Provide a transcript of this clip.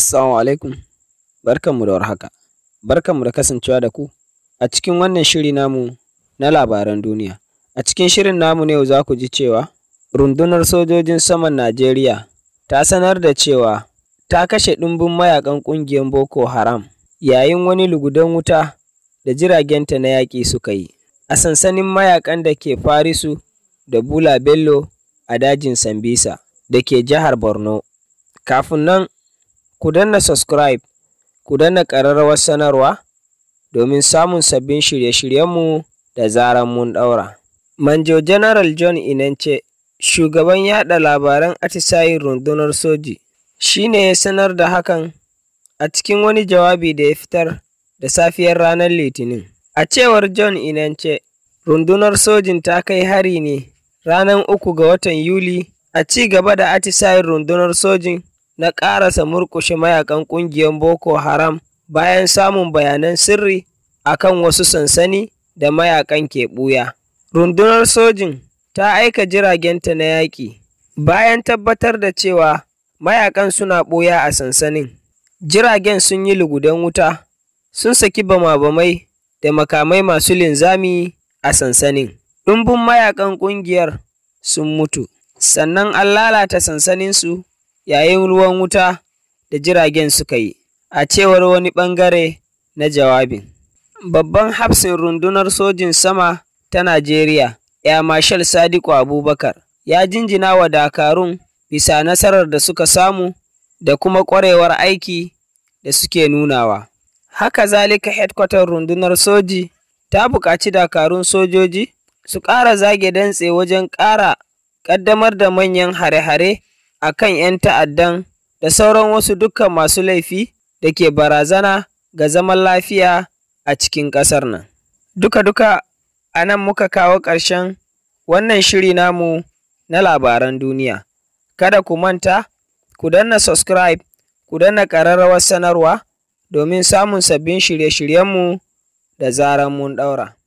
Assalamu alaikum, barkanmu da warhaka, barkanmu da kasancewa da ku a cikin wannan shiri namu na labaran duniya. A cikin shirin namu ne za ku ji cewa rundunar sojojin saman Najeriya ta sanar da cewa ta kashe ɗumbin mayakan ƙungiyar Boko Haram yayin wani lugudan wuta da jiragenta na yaƙi suka yi a sansanin mayakan da ke Farisu da Bula Bello a dajin Sambisa da ke jihar Borno. Kafin nan Ku danna subscribe, ku danna ƙararrawar sanarwa domin samun sabbin shirye-shiryenmu da zaran mun ɗaura. Manjo General John Inance, shugaban yaɗa labaran atisayin rundunar soji, shi ne ya sanar da hakan a cikin wani jawabi da ya fitar da safiyar ranar Litinin. A cewar John Inance, rundunar sojin ta kai hari ne ranar uku ga watan Yuli a ci gaba da atisayin rundunar sojin na ƙarasa murƙushe mayakan ƙungiyar Boko Haram bayan samun bayanan sirri a kan wasu sansani da mayakan ke ɓuya. Rundunar sojin ta aika jiragen ta na yaƙi bayan tabbatar da cewa mayakan suna ɓuya a sansanin. Jiragen sun yi lugudan wuta, sun saki bama-bamai da makamai masu linzami a sansanin. Ɗumbin mayakan ƙungiyar sun mutu, sannan an lalata sansaninsu yayin ruwan wuta da jiragen suka yi, a cewar wani ɓangare na jawabin. Babban hafsin rundunar sojin sama ta Najeriya, ya Marshal Sadiku Abubakar, ya jinjina wa Dakarun bisa nasarar da suka samu da kuma ƙwarewar aiki da suke nunawa. Haka zalika hedkwatar rundunar soji ta buƙaci dakarun sojoji su ƙara zage dantse wajen ƙara ƙaddamar da manyan hare-hare a kan ‘yan ta'addan da sauran wasu dukkan masu laifi da ke barazana ga zaman lafiya a cikin ƙasar nan. Duka-duka a nan muka kawo ƙarshen wannan shiri namu na labaran duniya. Kada ku manta, ku danna subscribe, ku danna ƙararrawar sanarwa domin samun sabbin shirye-shiryenmu da zarar mun ɗaura.